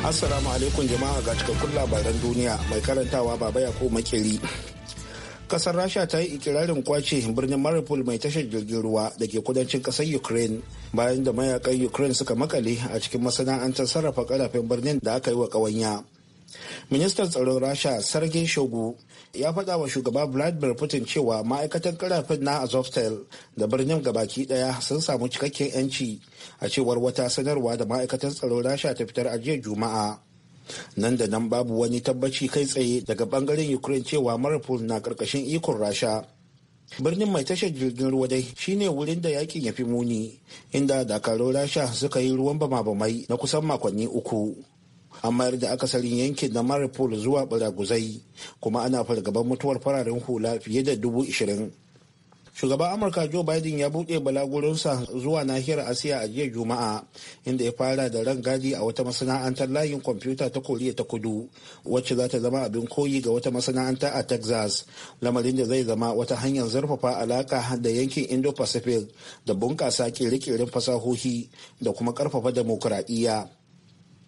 Assalamu alaikum jama'a ga cikakkun labaran duniya mai karantawa baba ko makeri. Kasar Rasha ta yi ikirarin kwace birnin Mariupol mai tashar jirgin ruwa da ke kudancin kasar Ukraine bayan da mayakan Ukraine suka makale a cikin masana'antar sarrafa karafin birnin da aka yi wa ƙawanya. Ministan tsaron Rasha Sergei Shogu ya faɗa wa shugaba vladimir putin cewa ma'aikatan karafin na azovstal da birnin gabaki daya sun samu cikakken 'yanci a cewar wata sanarwa da ma'aikatan tsaro rasha ta fitar a jiya juma'a nan da nan babu wani tabbaci kai tsaye daga bangaren ukraine cewa maripol na karkashin ikon rasha birnin mai tashar jirgin ruwa dai shine wurin da yakin ya fi muni inda dakarun rasha suka yi ruwan bama-bamai na kusan makonni uku an mayar da akasarin yankin na maripol zuwa baraguzai kuma ana fargaban mutuwar fararen hula fiye da dubu ishirin shugaban amurka joe biden ya buɗe balagurinsa zuwa nahiyar asiya a jiya juma'a inda ya fara da rangadi a wata masana'antar layin kwamfuta ta koriya ta kudu wacce za ta zama abin koyi ga wata masana'anta a texas lamarin da zai zama wata hanyar zarfafa alaka da yankin indo-pacific da bunƙasa ƙere fasahohi da kuma ƙarfafa demokuraɗiyya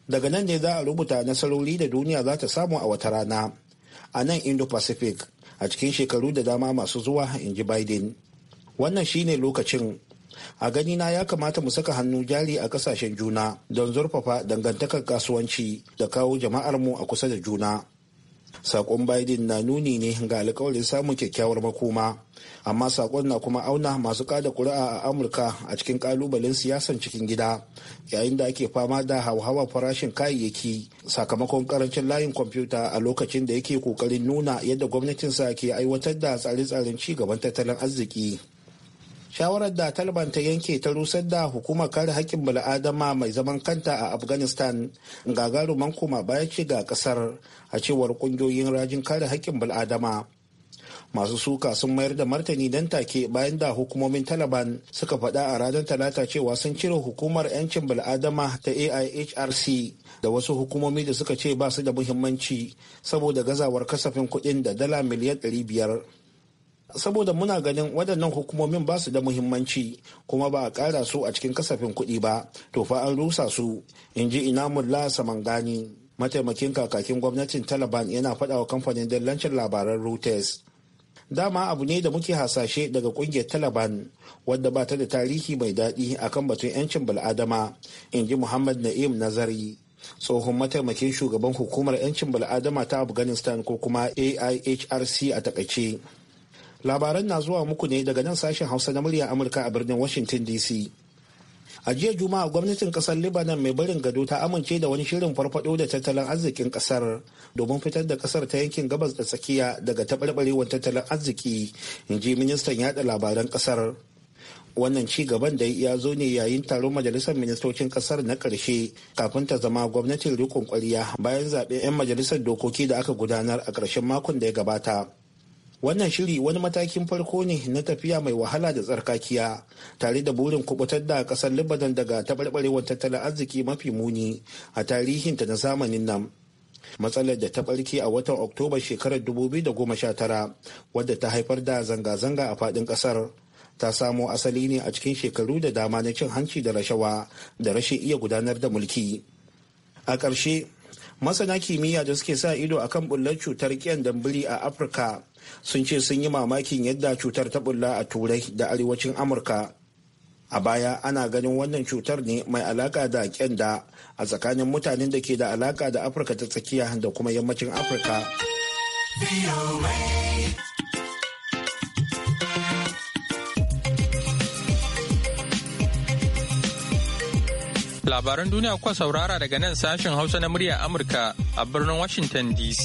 daga nan ne za a rubuta nasarori da duniya za ta samu a wata rana a nan indo-pacific a cikin shekaru da dama masu zuwa in ji biden wannan shine lokacin a gani na ya kamata mu saka hannu jari a kasashen juna don zurfafa dangantakar kasuwanci da kawo jama'armu a kusa da juna sakon biden na nuni ne ga alkawarin samun kyakkyawar makoma amma sakon na kuma auna masu kada kuri'a a amurka a cikin kalubalen siyasan cikin gida yayin da ake fama da hauhawa farashin kayayyaki sakamakon karancin layin kwamfuta a lokacin da yake kokarin nuna yadda gwamnatinsa ke aiwatar da tsare-tsaren ci gaban tattalin arziki shawarar da taliban ta yanke ta rusar da hukumar kare haƙƙin bala'adama mai zaman kanta a afghanistan gagaruman koma baya ce ga ƙasar a cewar ƙungiyoyin rajin kare haƙƙin bala'adama masu suka sun mayar da martani dan take bayan da hukumomin taliban suka faɗa a ranar talata cewa sun cire hukumar 'yancin bal'adama ta aihrc da wasu hukumomi da suka ce ba su da muhimmanci saboda gazawar kasafin kuɗin da dala miliyan 500 saboda muna ganin waɗannan hukumomin ba su da muhimmanci kuma ba a ƙara su a cikin kasafin kuɗi ba to fa an rusa su in ji inamulla samangani mataimakin kakakin gwamnatin taliban yana faɗa wa kamfanin dillancin labaran reuters dama abu ne da muke hasashe daga ƙungiyar taliban wadda ba ta da tarihi mai daɗi akan batun 'yancin bal'adama in ji muhammad na'im nazari tsohon mataimakin shugaban hukumar 'yancin bal'adama ta afghanistan ko kuma aihrc a takaice labaran na zuwa muku ne daga nan sashen hausa na murya amurka a birnin washington dc a jiya juma'a gwamnatin kasar libanon mai barin gado ta amince da wani shirin farfado da tattalin arzikin kasar domin fitar da kasar ta yankin gabas da tsakiya daga taɓarɓarewar tattalin arziki in ji ministan yada labaran kasar wannan ci gaban da ya zo ne yayin taron majalisar ministocin kasar na ƙarshe kafin ta zama gwamnatin rikon kwariya bayan zaɓen 'yan majalisar dokoki da aka gudanar a ƙarshen makon da ya gabata wannan shiri wani matakin farko ne na tafiya mai wahala da tsarkakiya tare da burin kubutar da kasar libanon daga taɓarɓarewar tattalin arziki mafi muni a tarihinta na zamanin nan matsalar da ta ɓarke a watan oktoba shekarar 2019 wadda ta haifar da zanga-zanga a faɗin ƙasar ta samo asali ne a cikin shekaru da dama na cin hanci da rashawa da rashin iya gudanar da mulki a ƙarshe masana kimiyya da suke sa ido akan bullar cutar ƙyan dambili a afirka sun ce sun yi mamakin yadda cutar ta bulla a turai da arewacin amurka a baya ana ganin wannan cutar ne mai alaka da kyanda a tsakanin mutanen da ke da alaka da afirka ta tsakiya da kuma yammacin afirka labaran duniya kuka saurara daga nan sashen hausa na murya amurka a birnin washington dc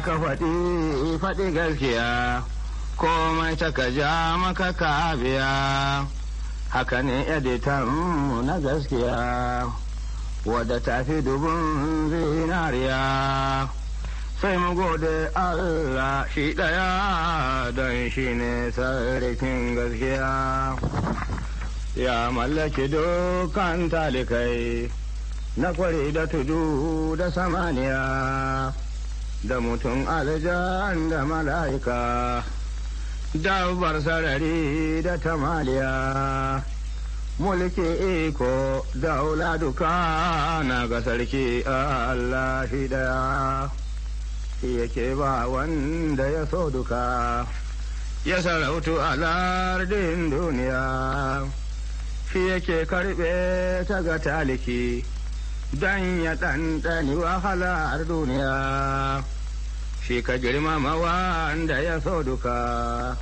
ka faɗi faɗi gaskiya komai ta ka ja maka ka biya haka ne editan na gaskiya wadda ta fi dubun zinariya sai mu gode Allah shi ɗaya don shi ne sarrafin gaskiya ya mallaki dukkan talikai na kwari da tudu da samaniya da mutum aljan da mala'ika dabbar sarari da tamaliya mulki iko da duka na ga sarki Allah shi daya yake ba wanda ya so duka ya sarautu a lardin duniya shi yake karbe ta ga taliki Dan ya ɗanɗani wahalar duniya shi ka girmama wanda ya so duka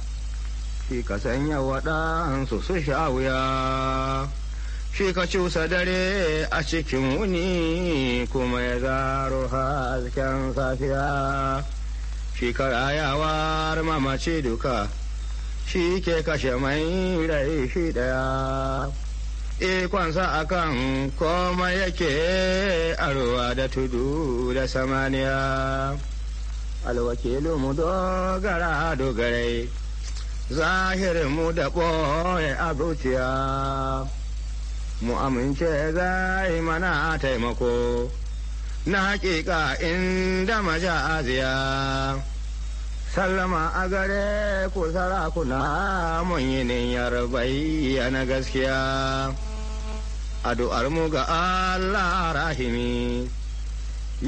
shi ka sanya waɗansu su sha wuya shi ka cusa dare a cikin wuni kuma ya zaro hasken safiya shi ka rayawar mamaci duka shi ke kashe mai rai shi ɗaya ikonsa akan koma yake arwa da tudu da samaniya alwakilu mu dogara dogarai zahirin mu da ɓoye a mu amince zai mana taimako na hakika inda aziya. sallama a gare ku sarakuna mun yi niyyar gaskiya addu'ar mu ga Allah rahimi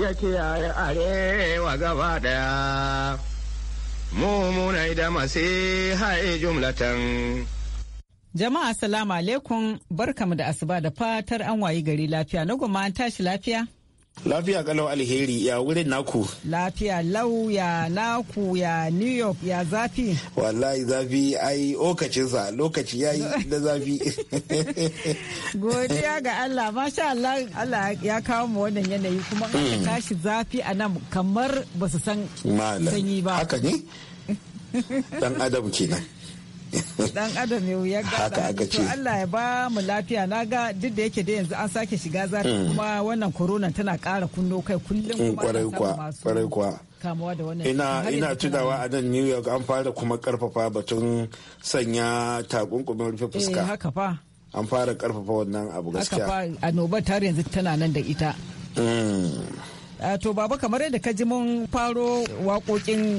ya kiyaye arewa gaba daya mummunai da ha'ye jumlatan jama'a salamu alaikum barkamu da asuba da fatar an wayi gari lafiya na goma tashi lafiya Lafiya kalau alheri ya wurin naku. Lafiya lau ya naku ya New York ya zafi. Wallahi zafi ai okacinsa lokaci ya da zafi. Godiya ga Allah masha Allah Allah ya kawo mu wannan yanayi kuma an hmm. tashi zafi a nan kamar basu san sanyi ba. Haka ne? Dan Adam kenan. dan adam ya wuya gada to Allah ya ba mu lafiya na ga duk da yake da yanzu an sake shiga zafi mm. kuma wannan corona tana ƙara kunno kai kullum mm, kuma kwarai kwa kamuwa da wannan ina ina tunawa a nan New York an fara kuma karfafa batun sanya takunkumin rufe eh, fuska eh haka fa an fara karfafa wannan abu gaskiya haka fa annobar tare yanzu tana nan da ita mm. eh, to baba kamar yadda ka ji mun faro waƙoƙin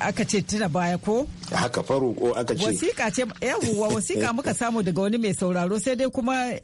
aka ce tuna baya ko haka faro ko aka ce wasiƙa ce yawwa wasiƙa muka samu daga wani mai sauraro sai dai kuma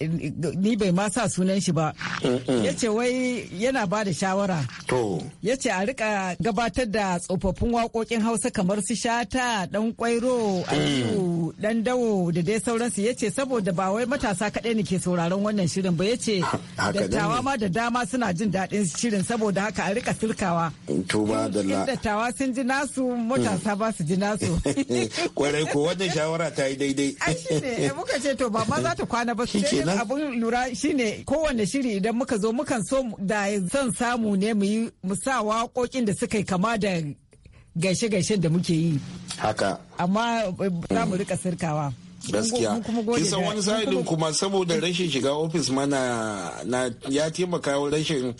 ni bai ma sa sunan shi ba ya wai yana ba da shawara to ya a rika gabatar da tsofaffin waƙoƙin hausa kamar su shata dan kwairo aliyu dan mm. dawo da dai sauransu ya saboda ba wai matasa kadai ne ke sauraron wannan shirin ba Yace dattawa ma da dama suna jin daɗin shirin saboda haka a rika sirkawa to ba da dattawa sun ji nasu matasa ba su ji nasu kwarai ko wannan shawara ta yi daidai ai ne eh, muka ce to ba ma za ta kwana ba su. sai abun lura shine kowane shiri idan muka zo mukan so da son samu ne mu yi mu sa waƙoƙin da suka yi kama da gaishe-gaishen da muke yi haka amma eh, za mu rika sirkawa gaskiya kisan wani sa'idin kuma saboda rashin shiga ofis mana na ya taimaka rashin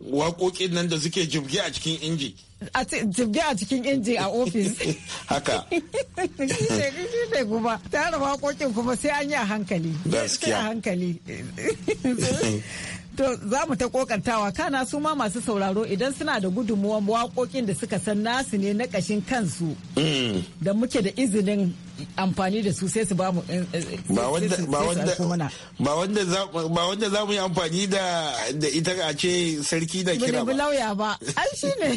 waƙoƙin nan da suke jibge a cikin inji. A jibge a cikin inji a ofis. Haka. Shi ne kuma tare waƙoƙin kuma sai an yi a hankali. Gaskiya. a hankali. To za mu ta kokantawa kana su ma masu sauraro idan suna da gudunmuwan waƙoƙin da suka san nasu ne na ƙashin kansu mm. da muke da izinin amfani da su sai su ba mu ba wanda za mu yi amfani da ita a ce sarki da kira ba. lauya ba ai shi ne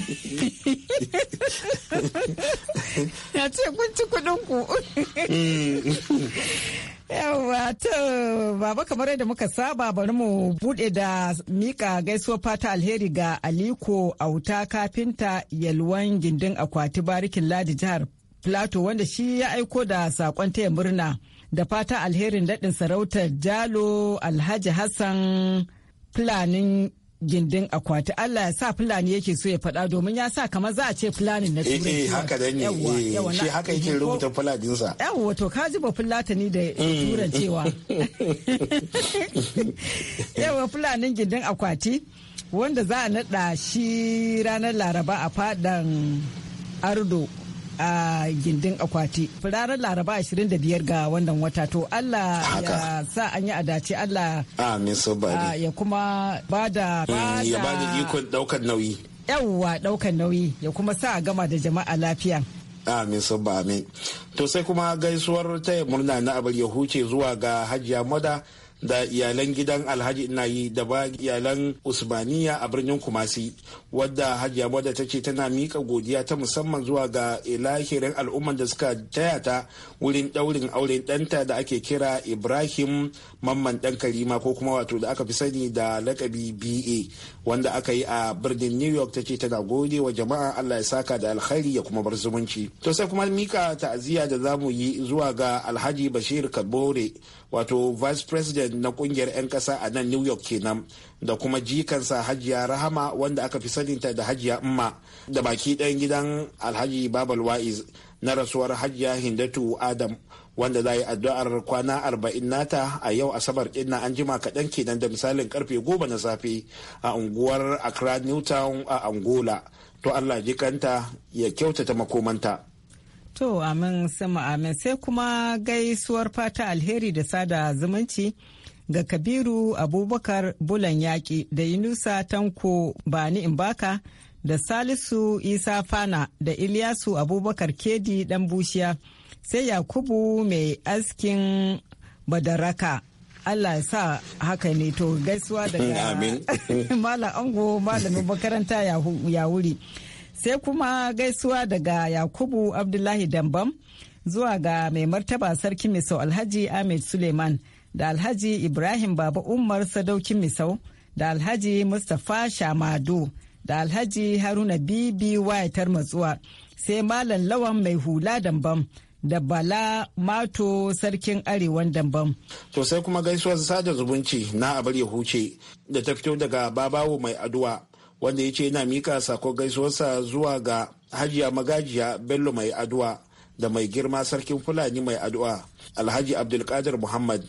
ya ce kun ci kuɗin ku mm. Yawwa to baba kamar yadda muka saba bari mu bude da mika gaisuwar fata alheri ga Aliko Auta kafinta yalwan gindin akwati barikin ladi jihar Plato wanda shi ya aiko da sakon taya murna da fata alherin daɗin sarautar Jalo Alhaji Hassan Fulanin gindin akwati Allah ya sa fulani yake so ya faɗa domin ya sa kamar za a ce fulani na turai eh, eh haka da ne eh, shi haka yake rubuta fulajin sa yawa to ka ji ba ni da mm. turan cewa yawa fulanin gindin akwati wanda za a naɗa shi ranar laraba a fadan ardo a gindin akwati firarar laraba 25 ga wannan wata to Allah ya sa an yi adace Allah amin ya kuma ba da. Mm, ya ba da ikon daukan nauyi yawwa daukan nauyi ya kuma sa a gama da jama'a lafiya amin sabba amin to sai kuma gaisuwar taya murna na abar ya huce zuwa ga hajiya mada da iyalan gidan alhaji ina yi da ba iyalan usmaniya a birnin kumasi wadda hajiya wadda ta ce tana miƙa godiya ta musamman zuwa ga ilahirin al'ummar da suka taya ta wurin daurin auren ɗanta da ake kira ibrahim mamman ɗan karima ko kuma wato da aka fi sani da lakabi ba wanda aka yi a birnin new york ta ce tana gode wa jama'a allah ya saka da alkhairi ya kuma bar zumunci to sai kuma mika ta'aziyya da zamu yi zuwa ga alhaji bashir kabore wato vice president na kungiyar 'yan kasa a nan new york kenan da kuma jikansa hajiya rahama wanda aka fi saninta da hajiya umma da baki ɗayan gidan alhaji babal wa'iz na rasuwar hajiya hindatu adam wanda za yi addu'ar kwana arba'in nata a yau asabar ɗin an jima kaɗan kenan da misalin karfe goma na safe a unguwar accra newtown a angola to allah jikanta ya kyautata makomanta To amin sama amin sai kuma gaisuwar fata alheri da sada zumunci ga Kabiru Abubakar Bulan Yaƙi da Yunusa Tanko Bani Imbaka da Salisu Isa Fana da Iliyasu, Abubakar Kedi ɗan bushiya sai Yakubu mai askin Badaraka. Allah ya sa haka ne to gaisuwa daga Malam Ango malamin makaranta ya wuri. Sai kuma gaisuwa daga Yakubu Abdullahi Dambam zuwa ga mai martaba sarki Misau Alhaji Ahmed Suleiman da Alhaji Ibrahim Baba Umar sadaukin Misau da Alhaji Mustapha Shamado da Alhaji Haruna Bibi Wayatar Matsuwa sai Malam Lawan Mai Hula Dambam. da Bala Mato Sarkin Arewan Dambam. To sai kuma gaisuwar sada zumunci na abar ya huce da ta fito daga babawo mai aduwa wanda ya ce yana mika sako gaisuwarsa zuwa ga hajiya magajiya bello mai addu'a da mai girma sarkin fulani mai addu'a alhaji abdulkadir muhammad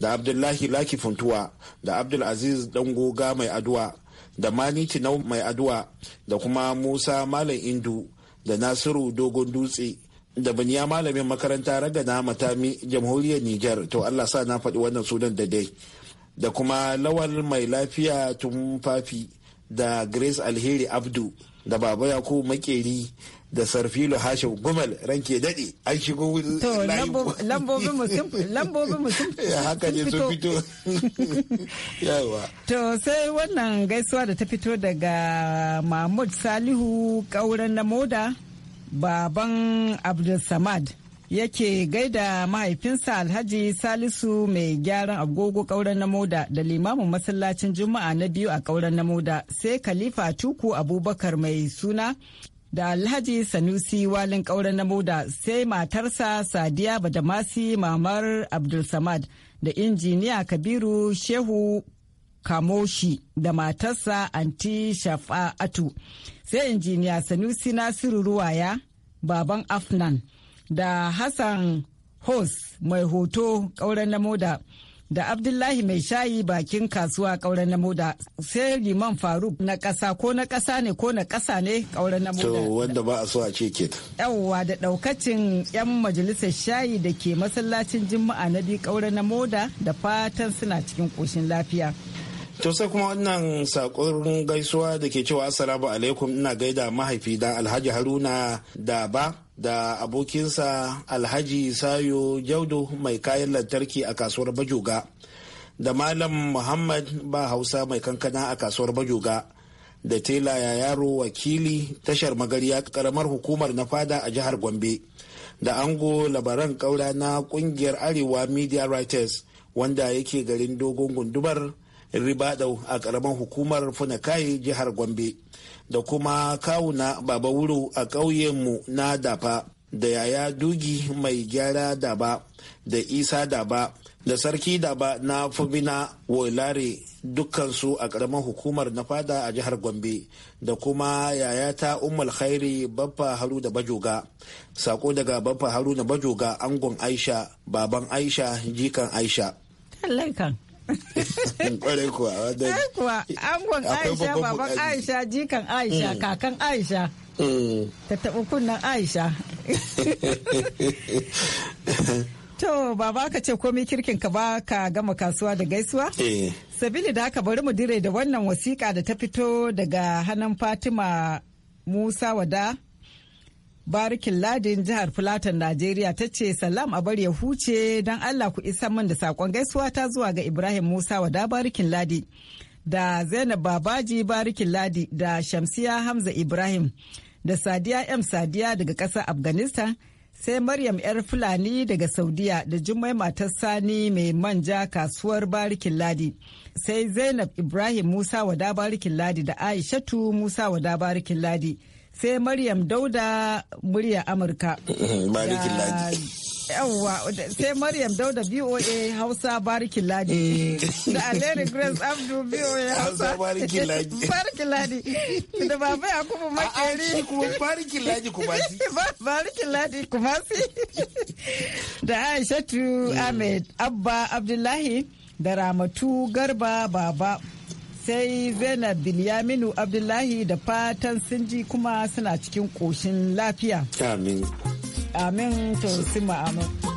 da abdullahi laki funtuwa da abdul abdulaziz dangoga mai addu'a da mani tinau mai addu'a da kuma musa malam indu da nasiru dogon dutse da baniya malamin makaranta ragana matami jamhuriyar niger to allah sa na faɗi wannan sunan da dai da kuma lawal mai lafiya tumfafi da grace alheri abdu da baba yakubu makeri da sarfilo hashim gumal ranke dade an shigo lambobin mutum haka ne sun fito yawa to sai wannan gaisuwa da ta fito daga mahmud salihu kauran na moda baban Abdul Samad. yake gaida mahaifinsa alhaji salisu mai gyaran agogo kauran na moda da limamin masallacin juma'a na biyu a kauran na moda sai khalifa tuku abubakar mai suna da alhaji sanusi walin kauran na moda sai matarsa sadiya badamasi mamar abdulsamad da injiniya kabiru shehu kamoshi da matarsa anti shafa'atu sai injiniya sanusi nasiru ruwaya baban afnan da Hassan Hos mai hoto ƙauren na moda. da abdullahi mai shayi bakin kasuwa ƙauren na moda sai liman faruk na ƙasa ko na ƙasa ne ko na ƙasa ne ƙauren na moda to wanda ba a so a ce ke yawwa da ɗaukacin yan majalisar shayi da ke masallacin juma'a na bi ƙauren na moda da fatan suna cikin ƙoshin lafiya to sai kuma wannan sakon gaisuwa da ke cewa assalamu alaikum ina gaida mahaifi da alhaji haruna da ba da abokinsa alhaji sayo jaudo mai kayan lantarki a kasuwar bajoga da malam muhammad ba hausa mai kankana a kasuwar bajoga da tela ya yaro wakili tashar magariya karamar hukumar na fada a jihar gombe da ango labaran kaura na kungiyar arewa media writers wanda yake garin dogon gundumar ribadau a karamar hukumar funakai jihar gombe da kuma kawuna baba wuro a ƙauyenmu na dafa da yaya dugi mai gyara daba da isa daba da sarki daba na fubina woilare dukkansu a ƙaramin hukumar na fada a jihar gombe da kuma yayata umar khairi baffa haru da bajoga sako daga baffa haru da bajoga angon aisha baban aisha jikan aisha Kwarai kuwa. Kwarai kuwa. Angon Aisha, baban Aisha, jikan Aisha, mm. kakan Aisha. Mm. Ta taɓa kunnan Aisha. To baba ka ce komai kirkin ka ba ka gama kasuwa da gaisuwa? Eh. Sabili da haka bari mu dire da wannan wasiƙa da ta fito daga hannun Fatima Musa Wada barikin ladin jihar Filatan Najeriya ta ce salam a bari ya huce don Allah ku isa min da sakon gaisuwa ta zuwa ga Ibrahim Musa wada barikin ladi da Zainab Babaji barikin ladi da Shamsiya Hamza Ibrahim da Sadiya M Sadiya daga ƙasar Afghanistan sai Maryam 'yar Fulani daga Saudiya da Jummai matar Sani mai manja kasuwar barikin ladi. Sai Zainab Ibrahim Musa wada barikin ladi da Aishatu Musa wada barikin ladi. sai Maryam Dauda murya Amurka. Yawwa sai Maryam Dauda BOA Hausa Barikin Ladi. Eh. Da Aleri Grace Abdu BOA Hausa Barikin Ladi. Barikin Ladi. Da Baba Yakubu Makeri. Shi kuma Barikin Ladi Kumasi. Barikin Ladi Kumasi. Da Aishatu hmm. Ahmed Abba Abdullahi da Ramatu Garba Baba sai zainab bilyaminu abdullahi da fatan sun ji kuma suna cikin ƙoshin lafiya amin amin to sima amin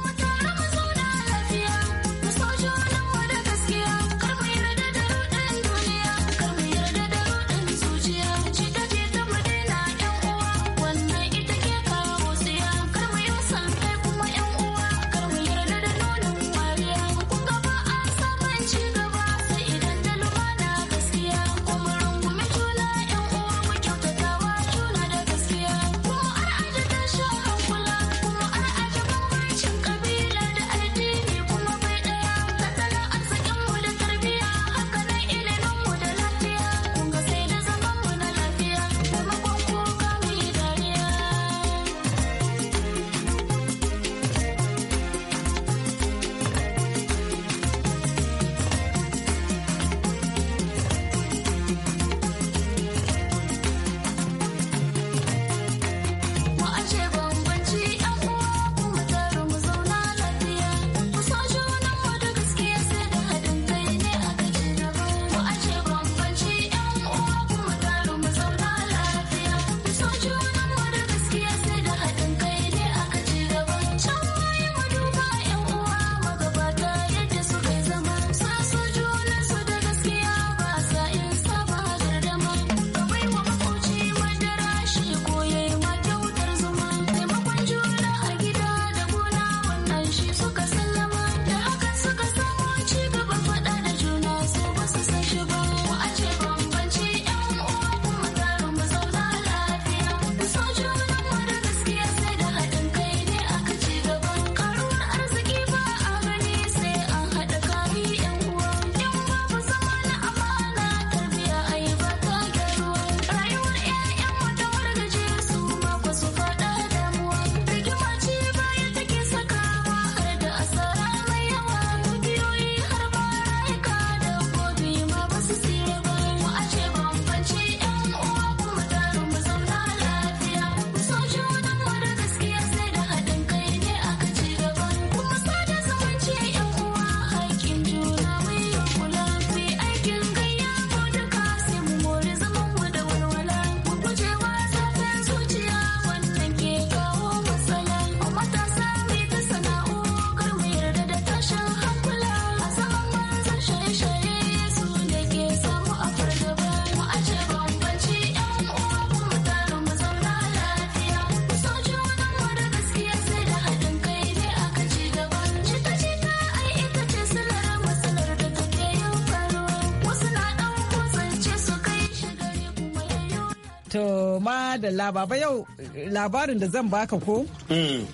da baba yau eh, labarin da zan baka ko? Mm.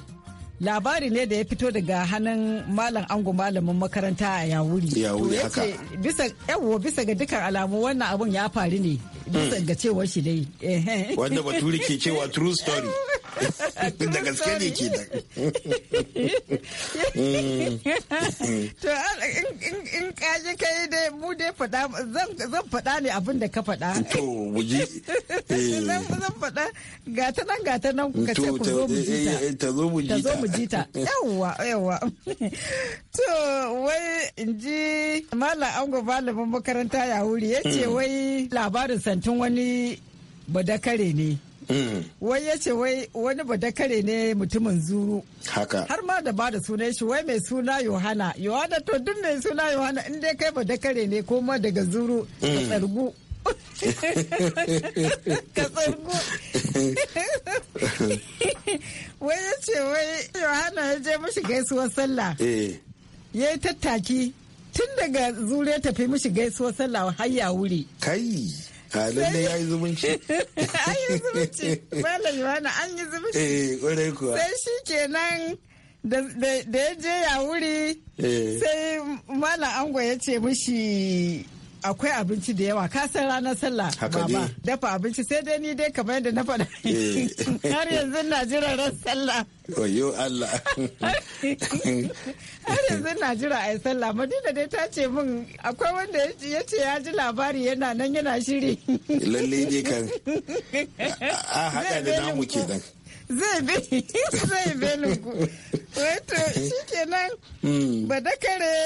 labari ne da ya fito daga hannun malam ango malamin makaranta a yawuri yawuri haka bisa yawo bisa ga dukkan alamu wannan abun ya faru ne bisa mm. ga cewar shi dai wanda baturi ke cewa true story da gaske ne ke da to in kaji kai dai mu dai fada zan zan fada ne abin da ka fada to wuji zan zan fada ga ta nan ga ta nan ka ce ku eh, eh, eh, zo mu ji ta zo mu jita ta zo mu ji ta yawwa yawwa to wai in ji malam ango malamin makaranta ya wuri ya ce hmm. wai labarin santin wani badakare ne wai ya ce wai wani badakare ne mutumin zuru haka har ma da bada sunan shi wai mai suna yohana yohana to duk mai suna yohana in dai kai badakare ne ko ma daga zuru ka mm. tsargu ka tsargu wai ya ce wai yohana ya je mashi gaisuwar sallah eh. ya yi tattaki tun daga zure tafi mashi gaisuwar sallah har ya wuri. Kai. a ah, ya yi zumunci an yi zumunci malam yohana an yi zumunci eh kwarai kuwa sai shi kenan da ya je ya wuri eh. sai malam ango ya ce mushi akwai abinci da yawa ka san ranar sallah baba dafa abinci sai dai ni dai kamar yadda na faɗa har yanzu na jira ran sallah wayo Allah har yanzu na jira ai sallah madina dai ta ce min akwai wanda ya ce ya ji labari yana nan yana shiri lalle ne kan a haɗa da namu kenan zai zai belinku wato shi kenan hmm. ba da kare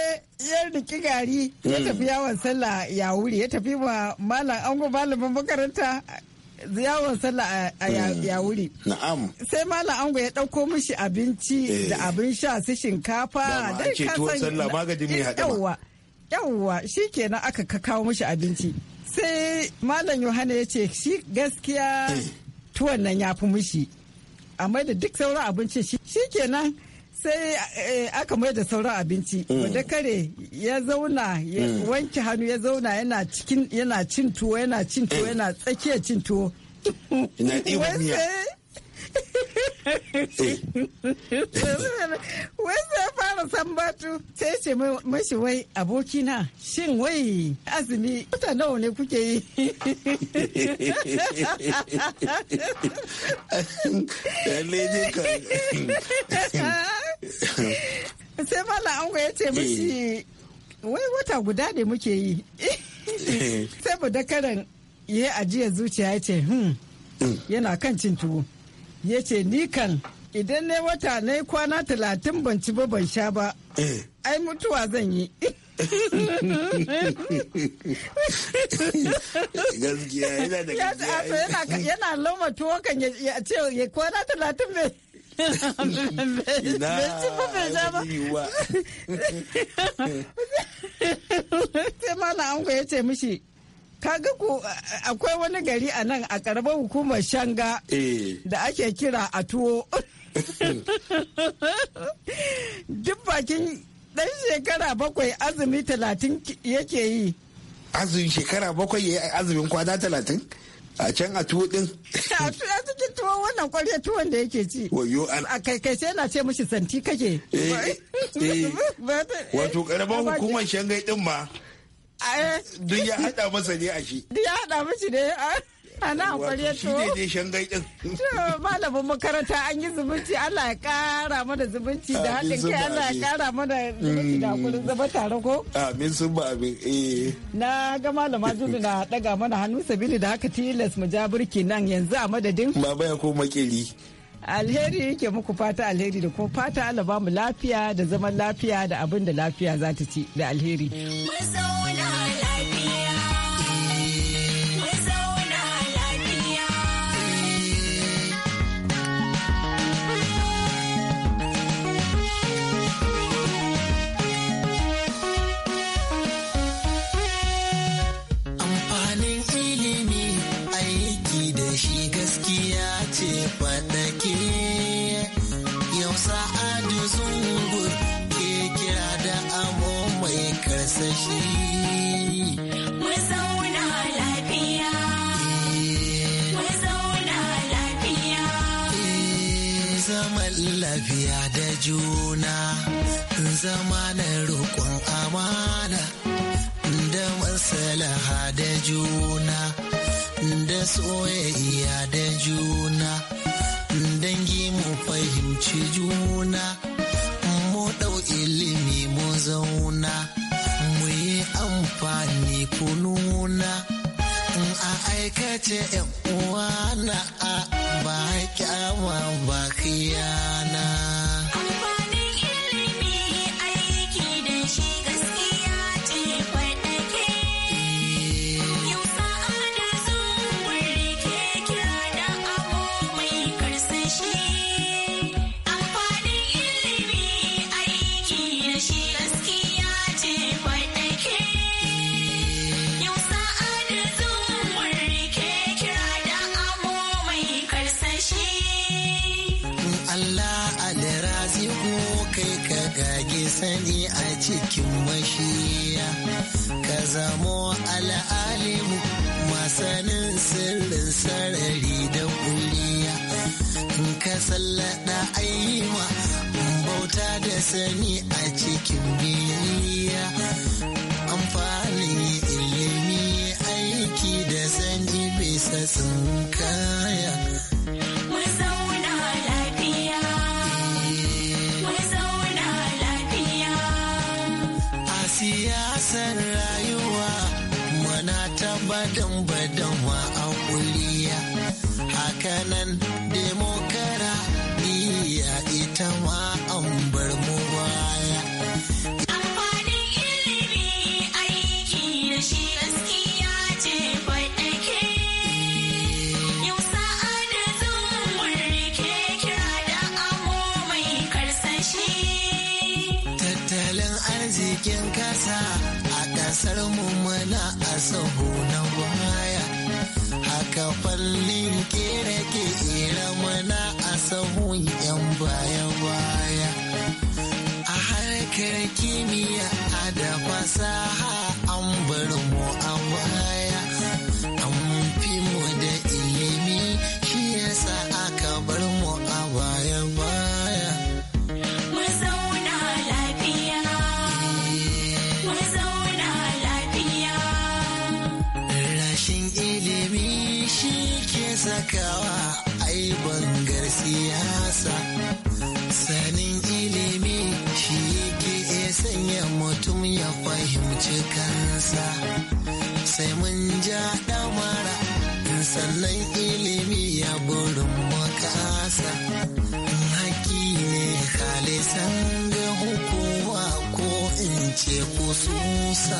ya riki gari ya hmm. tafi yawon sallah ya wuri ya tafi ma malam ango malamin makaranta yawon sallah a hmm. wuri. Na'am. Sai Malam Ango ya ɗauko mishi abinci eh. da abin sha su shinkafa. Da ce tuwon sallah magajin mai haɗama. Yawwa shi kenan aka kawo mishi abinci. Sai Malam Yohana ya ce shi gaskiya eh. tuwon nan ya fi mishi. Amma da duk sauran abincin shi kenan. sai eh, aka mai da sauran abinci mm. wadda kare ya zauna ya mm. wanke hannu ya zauna yana cikin yana cin tuwo yana cin tuwo mm. yana tsakiyar cin tuwo ina ɗiba miya eh. wai sai fara san batu sai ce mashi wai abokina shin wai azumi kuta nawa ne kuke yi lalle ne ka sai malam ango ya ce mushi wai wata guda ne muke yi sai mu dakaran ya ajiyar zuciya ya ce hmm, yana kan cin tuwo ya ce ni kan idan ne wata na yi kwana talatin ban ci ba ban sha ba eh. ai mutuwa zan yi gaskiya yana da gaskiya yana tuwo kan ya ce ya kwana talatin bai sai malam ango ya ce mishi kaga ku akwai wani gari a nan a karamar hukumar shanga eh. da ake kira a tuwo duk bakin dan shekara bakwai azumi talatin yake yi azumin shekara bakwai ya yi azumin kwana talatin a can a tuwo din a cikin tuwo wannan kwarya tuwon da yake ci wayo an a kai kai sai na ce mishi santi kake eh, eh, eh. wato karaban hukumar shangai din ma duk ya hada masa ne a shi duk ya hada mishi ne ana kware to shi ne dai shangai din malamin makaranta an yi zumunci Allah ya kara mana zumunci da haɗin kai Allah ya kara mana zumunci da kullun mm. zama tare ko amin sun ba abin eh na ga malama Julu na daga mana hannu sabili da haka tilas mu ja burki nan yanzu a madadin baba ya koma makeri alheri yake muku fata alheri da kuma fata Allah ba mu lafiya da zaman lafiya da abin da lafiya za ta ci da alheri. Mazauna lafiya. juna zama na roƙon amana da masalaha da juna da soyayya da juna dangi mu fahimci juna mu ɗau ilimi mu zauna mu yi amfani kununa a aikace uwana ba kyawa ba kiyana. cikin mashiya ka zamo al'alimu masanin sirrin sarari da kuliya in ka sallada ayyuma bauta da sani a cikin biyayya amfanin ilimi aiki da sani bisa kaya. kasar mu muna a sahu na baya haka fallin kere ke ira mana a sahu yan baya baya a harkar kimiyya a da fasaha an bar mu a baya sai mun ja damara sannan ilimi ya burin makasa haƙi ne halisan ga hukuma ko in ce kususa.